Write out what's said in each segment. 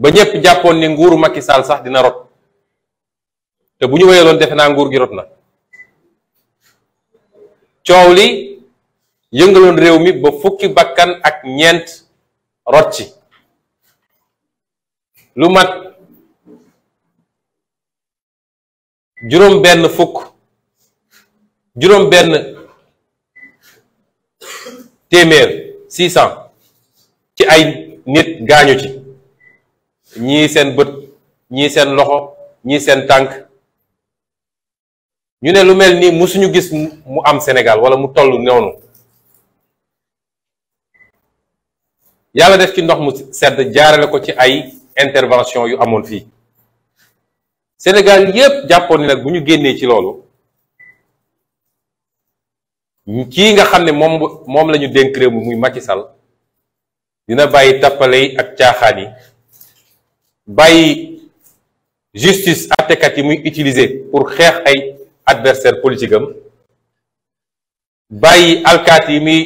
ba ñëpp jàppoon ni nguuru Macky Sall sax dina rot te bu ñu wéyaloon defe naa nguur gi rot na coow li yëngaloon réew mi ba fukki bakkan ak ñeent rot ci lu mat juróom benn fukk juróom benn téeméer ci ay nit gaañu ci ñii seen bët ñii seen loxo ñi seen tànk ñu ne lu mel nii musuñu gis mu am senegal wala mu toll noonu yàlla def ci ndox mu sedd jaarale ko ci ay intervention yu amul fii senegal yépp jàppoon ni nag bu ñu génnee ci loolu kii nga xam ne moom moom la ñu dénk réew muy Macky Sall dina bàyyi tappale yi ak caaxaan yi bàyyi justice àttekat yi muy utiliser pour xeex ay adversaire politique bàyyi alkaat yi muy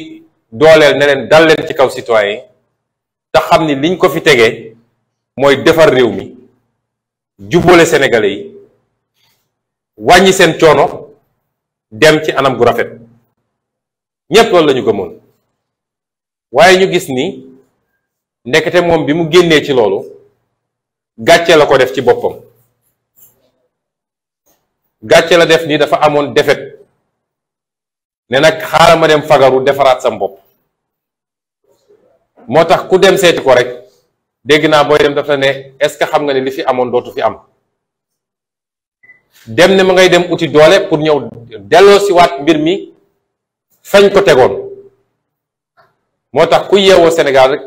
dooleel ne leen dal leen ci kaw citoyen te xam ni liñ ko fi tegee mooy defar réew mi jubale sénégalais yi wàññi seen coono dem ci anam gu rafet ñépp loolu lañu ñu gëmoon waaye ñu gis ni ndekete moom bi mu génnee ci loolu gàccee la ko def ci boppam gàccee la def ni dafa amoon defet ne nag xaaral ma dem fagaru defaraat sam bopp moo tax ku dem seeti ko rek dégg naa booy dem dafa ne est-ce que xam nga ne li fi amoon dootu fi am dem ne ma ngay dem uti doole pour ñëw delloo si waat mbir mi fañ ko tegoon moo tax ku yeewoo Sénégal rek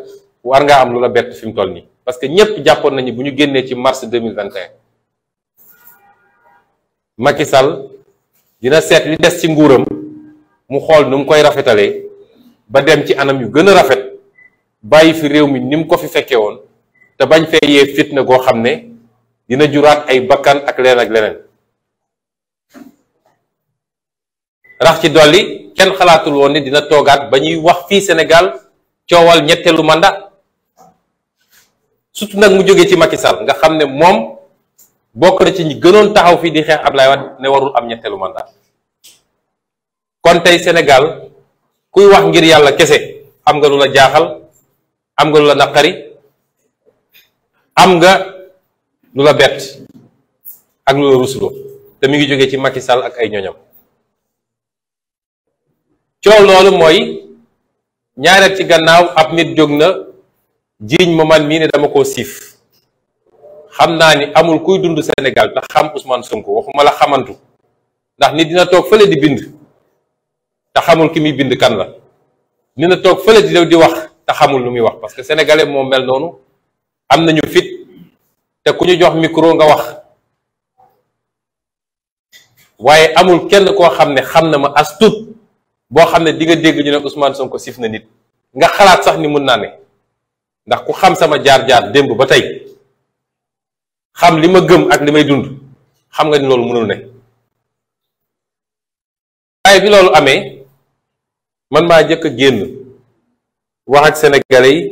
war ngaa am lu la bett fi toll nii parce que ñëpp jàppoon nañu bu ñu génnee ci mars 2021 Macky Sall dina seet li des ci nguuram mu xool nu mu koy rafetalee ba dem ci anam yu gën a rafet bàyyi fi réew mi ni ko fi fekkee woon te bañ fee yee fitna goo xam ne dina juraat ay bakkan ak leneen ak leneen rax ci dolli kenn xalaatul woon ni dina toogaat ba ñuy wax fii senegal coowal ñetteelu mandat surtout nag mu jógee ci Macky Sall nga xam ne moom bokk na ci ñi gënoon taxaw fii di xeex Ablaye Wade warul am ñetteelu mandat kon tey senegal kuy wax ngir yàlla kese am nga lu la jaaxal am nga lu la naqari am nga lu la bett ak lu la rusuloo te mu ngi jógee ci Macky Sall ak ay ñoñam coow loolu mooy ñaareel ci gannaaw ab nit jóg na jiiñ ma man mii ne dama ko siif xam naa ni amul kuy dund Sénégal te xam Ousmane Sonko waxuma la xamantu ndax nit dina toog fële di bind te xamul ki muy bind kan la dina toog fële di di wax te xamul lu muy wax parce que sénégalais moo mel noonu am nañu fit te ku ñu jox micro nga wax waaye amul kenn koo xam ne xam na ma as tuut boo xam ne di nga dégg ñu ne Ousmane Sonko sif na nit nga xalaat sax ni mun naa ne. ndax ku xam sama jaar-jaar démb ba tey xam li ma gëm ak li may dund xam nga ni loolu mënul ne waaye bi loolu amee man maa njëkk a génn wax ak sénégalais yi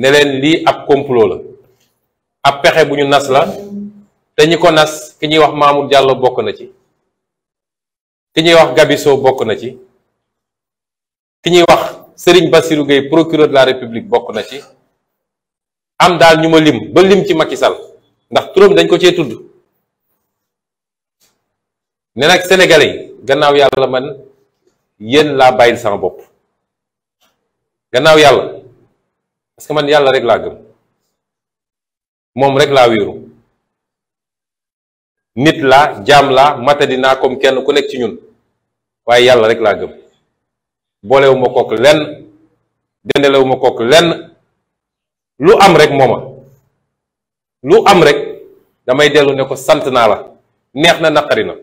ne leen lii ab complot la ab pexe bu ñu nas la te ñi ko nas ki ñuy wax Mamour Diallo bokk na ci ki ñuy wax gabisoo bokk na ci ki ñuy wax Serigne Bassirou Gueye procureur de la République bokk na ci am daal ñu ma lim ba lim ci Macky Sall ndax turam dañ ko cee tudd ne nag sénégalais yi gannaaw yàlla man yéen laa bàyyil sama bopp gannaaw yàlla parce man yàlla rek laa gëm moom rek laa wéeru nit laa jaam laa matadi naa comme kenn ku nekk ci ñun waaye yàlla rek laa gëm boolewuma kook lenn dendalewu ma kook lenn lu am rek mooma lu am rek damay dellu ne ko sant naa la neex na naqari na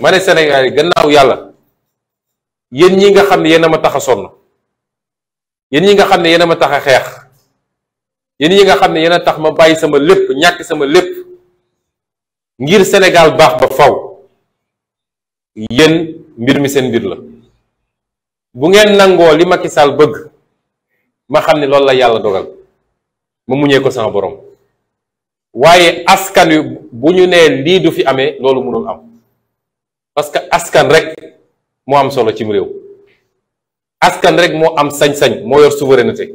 ma ne Sénégal yi gannaaw yàlla yéen ñi nga xam ne yéen a ma tax a sonn yéen ñi nga xam ne yéen a ma tax a xeex yéen ñi nga xam ne yéen a tax ma bàyyi sama lépp ñàkk sama lépp ngir Sénégal baax ba faw yéen mbir mi seen mbir la bu ngeen nangoo li Macky Sall bëgg ma xam ne loolu la yàlla dogal ma muñee ko sama borom waaye askan bu ñu nee lii du fi amee loolu munul am parce que askan rek moo am solo cim réew askan rek moo am sañ-sañ moo yor souveraineté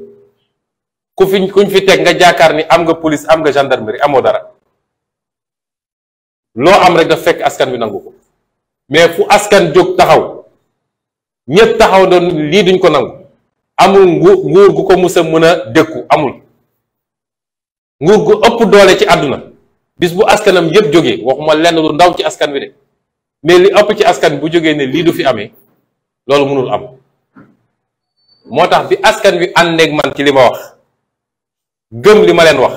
ku fi kuñ fi teg nga jaakaar ni am nga police am nga gendarmerie amoo dara loo am rek daf fekk askan wi nangu ko mais fu askan jóg taxaw ñëpp taxaw doon lii duñ ko nangu amul ngu nguur gu ko musa a mën a dëkku amul nguur gu ëpp doole ci àdduna bis bu askanam yëpp jógee waxuma lenn lu ndaw ci askan wi de mais li ëpp ci askan bu jógee ne lii du fi amee loolu mënul am moo tax bi askan wi ànd ak man ci li ma wax gëm li ma leen wax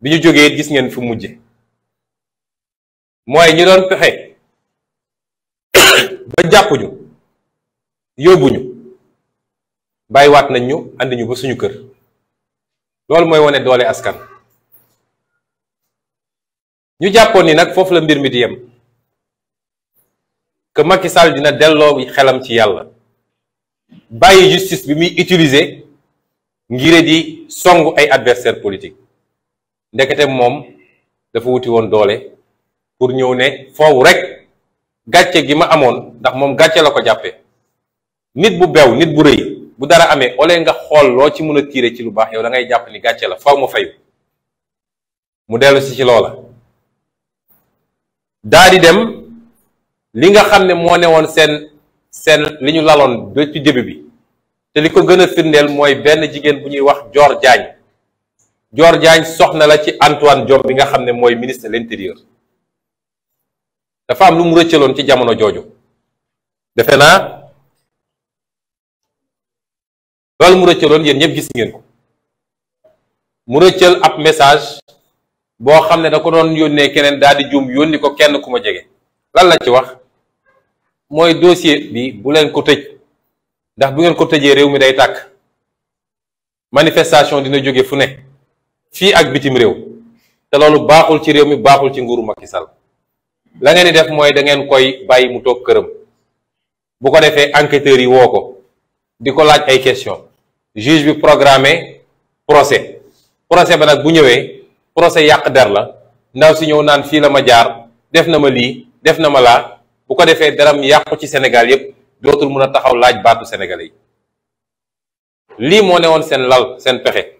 bi ñu jógee gis ngeen fi mujje mooy ñi doon pexe ba jàpp yóbbuñu bàyyiwaat nañ ñu andi ñu ba suñu kër loolu mooy wane doole askan ñu jàppoon ni nag foofu la mbir mi di yem que Macky Sall dina delloo xelam ci yàlla bàyyi justice bi muy utiliser ngir di songu ay adversaire politique ndekete moom dafa wuti woon doole pour ñëw ne foofu rek gàcce gi ma amoon ndax moom gàcce la ko jàppee nit bu bew nit bu rëy bu dara amee ole nga xool loo ci mën a tiire ci lu baax yow da jàpp ni gàcce la faw ma fayu mu dellusi ci loola daa di dem li nga xam ne moo ne woon seen seen li ñu laloon ba ci bi te li ko gën a firndeel mooy benn jigéen bu ñuy wax joor jaañ joor jaañ soxna la ci Antoine Diome bi nga xam ne mooy ministre de l'intérieur dafa am lu mu rëccaloon ci jamono jooju defe naa loolu mu rëccaloon yéen ñëpp gis ngeen ko mu rëccël ab message boo xam ne da ko doon yónnee keneen daal di juum yónni ko kenn ku ma jege lan la ci wax mooy dossier bi bu leen ko tëj ndax bu ngeen ko tëjee réew mi day tàkk manifestation dina jóge fu ne fii ak bitim réew te loolu baaxul ci réew mi baaxul ci nguuru Macky Sall la ngeen di def mooy da ngeen koy bàyyi mu toog këram bu ko defee enquêteurs yi woo ko di ko laaj ay question juge bi programmé procès procès ba nag bu ñëwee porose yàq der la ndaw si ñëw naan fii la ma jaar def na ma lii def na ma laa bu ko defee daram yàqu ci Sénégal yépp dootul mun a taxaw laaj baatu sénégalais yi lii moo ne woon seen lal seen pexe